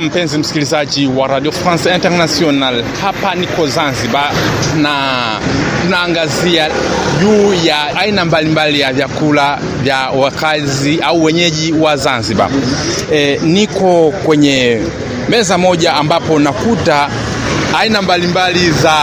mpenzi msikilizaji wa Radio France International, hapa niko Zanzibar na tunaangazia juu ya aina mbalimbali ya vyakula vya wakazi au wenyeji wa Zanzibar. E, niko kwenye meza moja ambapo nakuta aina mbalimbali mbali za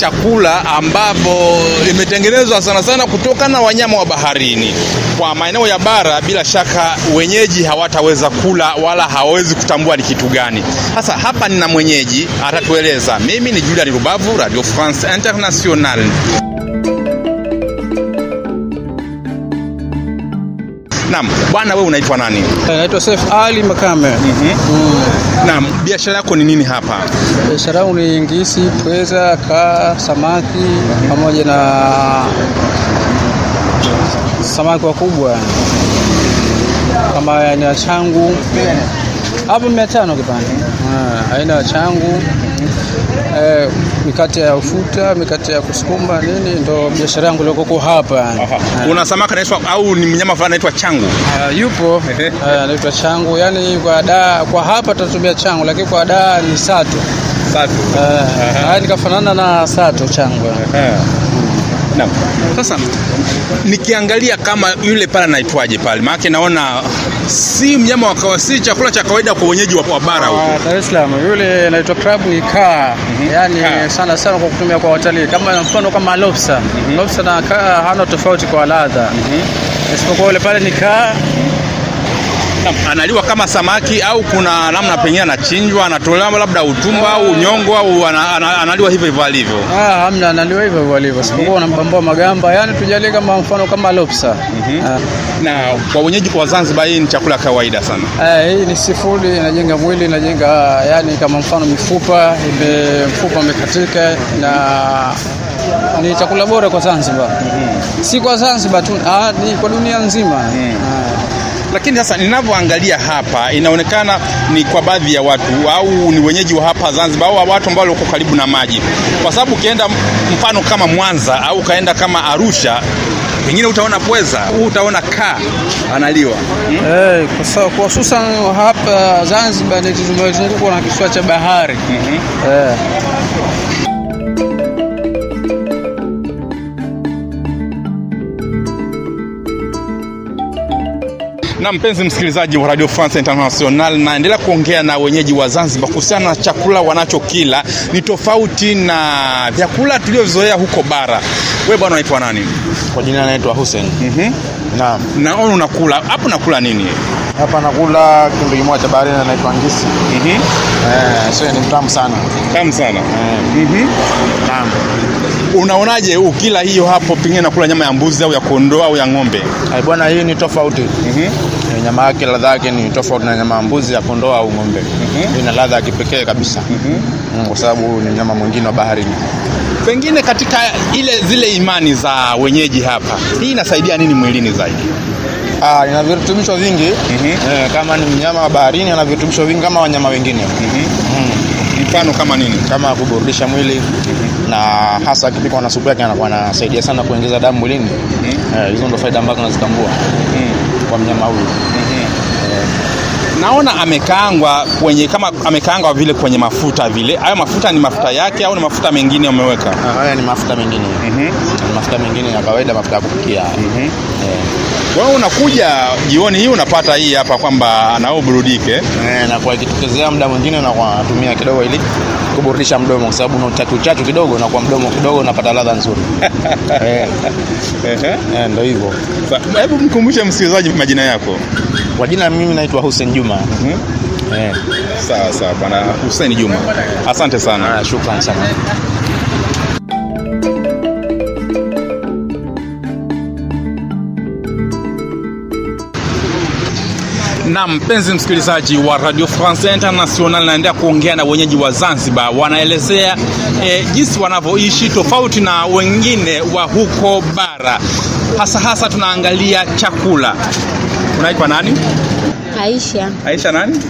chakula ambapo imetengenezwa sana sana kutoka na wanyama wa baharini. Kwa maeneo ya bara, bila shaka wenyeji hawataweza kula wala hawawezi kutambua ni kitu gani sasa. Hapa nina mwenyeji atatueleza. Mimi ni Julian Rubavu, Radio France International. Naam, bwana wewe unaitwa nani? Eh, naitwa Saif Ali Makame. Mhm. Mm. Naam, biashara yako ni nini hapa? Biashara yangu ni ngisi, pweza, kaa, samaki pamoja na samaki wakubwa kama aina ya changu hapo mia tano kipande ah, aina ya changu eh, mikate ya ufuta, mikate ya kusukuma nini, ndo biashara yangu iliyoko hapa. Kuna samaki anaitwa au ni mnyama fulani anaitwa changu? Uh, yupo ah, anaitwa uh, changu. Yani kwa da kwa hapa tunatumia changu, lakini kwa daa ni sato sato. Uh, uh, nikafanana na sato changu uh, uh. Naam. Sasa nikiangalia kama yule pale anaitwaje pale, maana naona si mnyama wa kawaida, si chakula cha kawaida kwa wenyeji wa bara huko. Ah, Dar es Salaam yule anaitwa crab ika, Mm -hmm. Yaani sana sana kwa kutumia kwa watalii kama mfano kama lobster. Mm -hmm. Lobster na kaa hana tofauti kwa ladha. Mm Isipokuwa yule pale ni kaa analiwa kama samaki au kuna namna pengine anachinjwa, anatolewa labda utumbo au nyongo au analiwa hivyo hivyo alivyo? Ah, hamna, analiwa hivyo hivyo alivyo, sipokuwa unambambua magamba, yani tujalie kama mfano kama lobster. Mhm. Ah. Na kwa wenyeji kwa Zanzibar, hii ni chakula kawaida sana. Ah, hii ni sifuri, inajenga mwili, inajenga ah, yani kama mfano mifupa ime mfupa umekatika na ni chakula bora kwa Zanzibar. Mm -hmm. Si kwa Zanzibar tu, ah, ni kwa dunia nzima. Mm. Ah. Lakini sasa ninavyoangalia hapa, inaonekana ni kwa baadhi ya watu au ni wenyeji wa hapa Zanzibar au watu ambao wako karibu na maji, kwa sababu ukienda mfano kama Mwanza au ukaenda kama Arusha pengine utaona pweza huu utaona kaa analiwa hmm? Hey, eh, kwa hususan hapa Zanzibar tunazungukwa na kisiwa cha bahari mm -hmm. Eh. hey. Na mpenzi msikilizaji wa Radio France International, naendelea kuongea na wenyeji wa Zanzibar kuhusiana na chakula wanachokila ni tofauti na vyakula tulivyozoea huko bara. Wewe bwana unaitwa nani? Kwa jina naitwa Hussein. mm -hmm na Naona unakula. Hapo nakula nini? Hapa nakula kitu kimoja cha baharini inaitwa ngisi. Mhm. Mm eh, so ni mtamu sana. Mtamu sana. Eh. Mhm. Mm Naam. Unaonaje ukila hiyo hapo pengine nakula nyama ya mbuzi au ya kondoa au ya ng'ombe? Hai bwana, hii ni tofauti. Mhm. Eh, nyama yake ladha yake ni tofauti na nyama ya mbuzi, ya kondoa au ng'ombe. Mm -hmm. Ina ladha ya kipekee kabisa. Mhm. Mm, kwa sababu ni nyama mwingine wa baharini pengine katika ile zile imani za wenyeji hapa, hii inasaidia nini mwilini zaidi? Ah, ina virutubisho vingi mm -hmm. Eh, kama ni mnyama wa baharini ana virutubisho vingi kama wanyama wengine mm -hmm. mm. Mfano kama nini? Kama kuburudisha mwili mm -hmm. na hasa akipikwa na supu yake anakuwa anasaidia sana kuongeza damu mwilini mm hizo -hmm. E, ndo faida ambazo nazitambua mm. kwa mnyama huyu mm naona amekaangwa kwenye kama amekaangwa vile kwenye mafuta vile. Hayo mafuta ni mafuta yake au ni mafuta mengine umeweka? Ah, haya ni mafuta mengine. Mhm. Ni mafuta mengine ya kawaida, mafuta ya kupikia. Mhm. Kwa eh. hiyo unakuja jioni hii unapata hii hapa kwamba anao burudike. Eh, na kwa muda mwingine na kwa kidogo ili kuburudisha mdomo kwa sababu una uchachu kidogo na kwa mdomo kidogo unapata ladha nzuri. Eh. Eh, ndio hivyo. Hebu mkumbushe msikilizaji majina yako. Kwa jina mimi naitwa Hussein Juma. mm -hmm. eh. Sawa sawa bwana Hussein Juma, asante sana. Ah, shukran sana. Na mpenzi msikilizaji wa Radio France International, naendea kuongea na wenyeji wa Zanzibar, wanaelezea e, jinsi wanavyoishi tofauti na wengine wa huko bara, hasa hasa tunaangalia chakula. Unaitwa nani? Aisha. Aisha nani?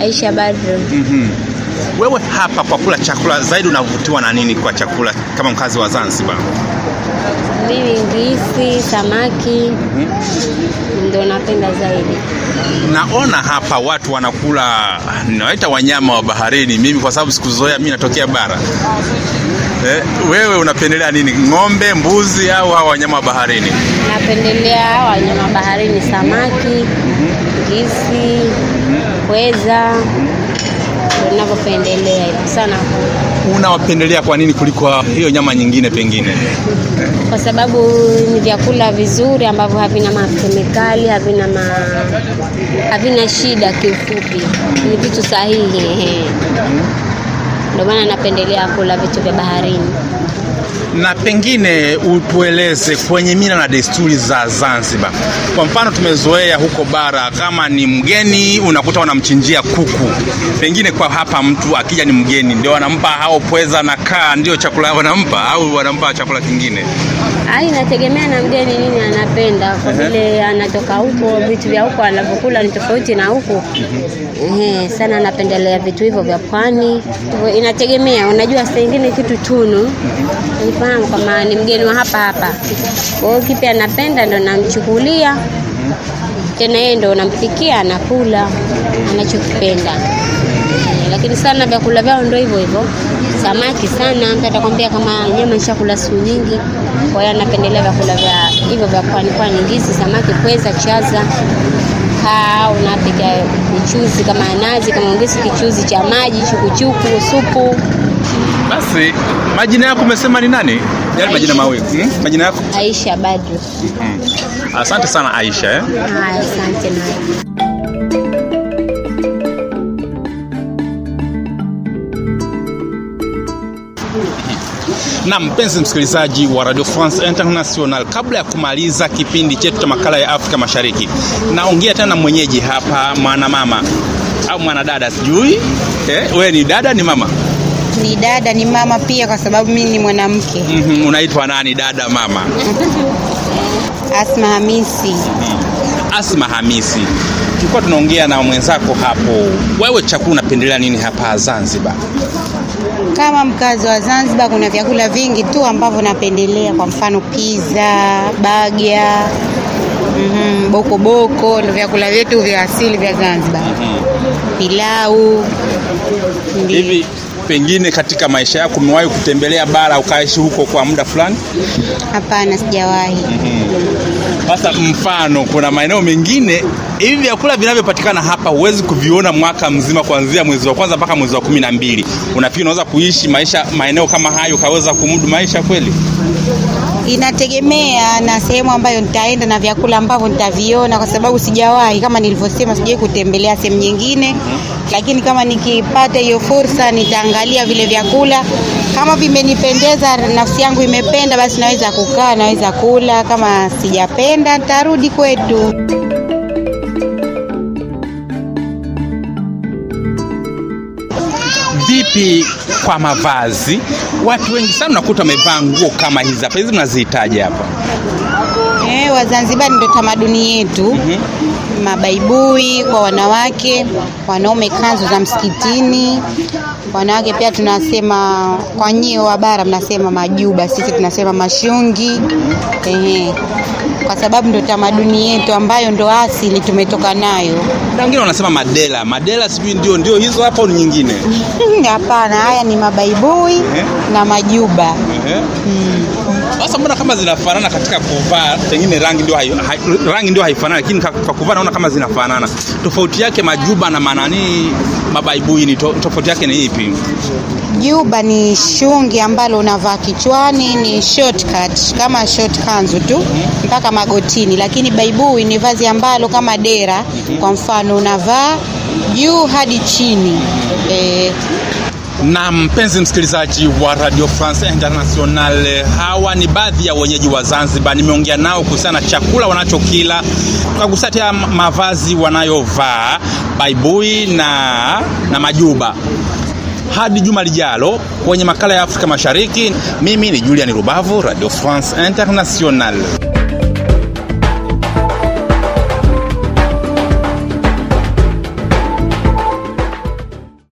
Aisha Badru. Mm-hmm. Wewe hapa kwa kula chakula zaidi unavutiwa na nini kwa chakula kama mkazi wa Zanzibar? Mimi ngisi, samaki mm -hmm. Ndio napenda zaidi. Naona hapa watu wanakula nawaita wanyama wa baharini, mimi kwa sababu sikuzoea, mimi natokea bara Eh, wewe unapendelea nini, ng'ombe, mbuzi au hawa wanyama wa baharini? Napendelea hawa wanyama wa baharini, samaki, ngisi, pweza, ninavyopendelea sana. Unawapendelea kwa nini kuliko hiyo nyama nyingine pengine? Kwa sababu ni vyakula vizuri ambavyo havina makemikali, havina ma... havina shida, kiufupi ni vitu sahihi. Ndio maana napendelea kula vitu vya baharini na pengine utueleze kwenye mila na desturi za Zanzibar. Kwa mfano, tumezoea huko bara, kama ni mgeni unakuta wanamchinjia kuku, pengine kwa hapa mtu akija ni mgeni ndio wanampa hao pweza na kaa, ndio chakula wanampa au wanampa chakula kingine? Ai, Inategemea na mgeni nini anapenda, kwa vile anatoka huko, vitu vya huko anavyokula ni tofauti na huko. Mhm. Ehe, sana anapendelea vitu hivyo vya pwani, inategemea. Unajua, saa ingine kitu tunu mhm zangu, kama ni mgeni wa hapa hapa. Kwa hiyo kipi anapenda ndo namchukulia, tena yeye ndo nampikia, anakula anachokipenda. Lakini sana vyakula vyao ndo hivyo hivyo, samaki sana, mtu atakwambia kama nyama nishakula siku nyingi. Kwa hiyo anapendelea vyakula vya hivyo vya kwani kwani, ndizi, samaki, pweza, chaza au napika mchuzi kama nazi, kama ongezi kichuzi cha maji, chukuchuku, supu basi, majina yako umesema ni nani? Yale yaani majina mawili. Hmm? Majina yako? Aisha Badru. Hmm. Asante sana Aisha eh? Asante na na mpenzi msikilizaji wa Radio France International, kabla ya kumaliza kipindi chetu cha makala ya Afrika Mashariki, naongea tena mwenyeji hapa, mwana mama au mwanadada, sijui eh, wewe ni dada ni mama ni dada, ni mama pia, kwa sababu mimi ni mwanamke. mm -hmm. Unaitwa nani dada, mama? Asma Hamisi. Asma Hamisi, tulikuwa tunaongea na mwenzako hapo. Wewe chakula unapendelea nini hapa Zanzibar? Kama mkazi wa Zanzibar, kuna vyakula vingi tu ambavyo napendelea, kwa mfano pizza, bagia, mm -hmm, bokoboko, ndio vyakula vyetu vya asili vya Zanzibar. mm -hmm. Pilau. Hivi pengine katika maisha yako umewahi kutembelea bara ukaishi huko kwa muda fulani? Hapana, sijawahi. Mm-hmm. Sasa mm -hmm. Mfano, kuna maeneo mengine hivi vyakula vinavyopatikana hapa huwezi kuviona mwaka mzima, kuanzia mwezi wa kwanza mpaka mwezi wa kumi na mbili. Unafikiri unaweza kuishi maisha maeneo kama hayo, ukaweza kumudu maisha kweli? Inategemea na sehemu ambayo nitaenda na vyakula ambavyo nitaviona, kwa sababu sijawahi, kama nilivyosema, sijawahi kutembelea sehemu nyingine mhm. Lakini kama nikipata hiyo fursa, nitaangalia vile vyakula, kama vimenipendeza, nafsi yangu imependa, basi naweza kukaa, naweza kula. Kama sijapenda, nitarudi kwetu. Vipi kwa mavazi. Watu wengi sana unakuta wamevaa nguo kama hizi hapa, hizi mnazihitaji hapa. Eh, Wazanzibari ndio tamaduni yetu. mm -hmm mabaibui kwa wanawake, wanaume kanzu za msikitini. Wanawake pia tunasema, kwa nyie wa bara mnasema majuba, sisi tunasema mashungi. Ehe, kwa sababu ndo tamaduni yetu ambayo ndo asili tumetoka nayo. Na wengine wanasema madela, madela sijui ndio ndio hizo hapo au nyingine? Hapana, haya ni mabaibui na majuba. Ehe. Hmm. Sasa mbona kama zinafanana katika kuvaa, pengine rangi ndio hai, hai, rangi ndio haifanani, lakini kwa kuvaa naona kama zinafanana. Tofauti yake majuba na manani mabaibui ni to, tofauti yake ni ipi? Juba ni shungi ambalo unavaa kichwani, ni shortcut kama short kanzu tu mpaka magotini, lakini baibui ni vazi ambalo kama dera, kwa mfano unavaa juu hadi chini e, na mpenzi msikilizaji wa Radio France international hawa ni baadhi ya wenyeji wa Zanzibar. Nimeongea nao kuhusiana na chakula wanachokila, kakusatia mavazi wanayovaa, baibui na, na majuba. Hadi juma lijalo kwenye makala ya Afrika Mashariki. Mimi ni Julian Rubavu, Radio France International.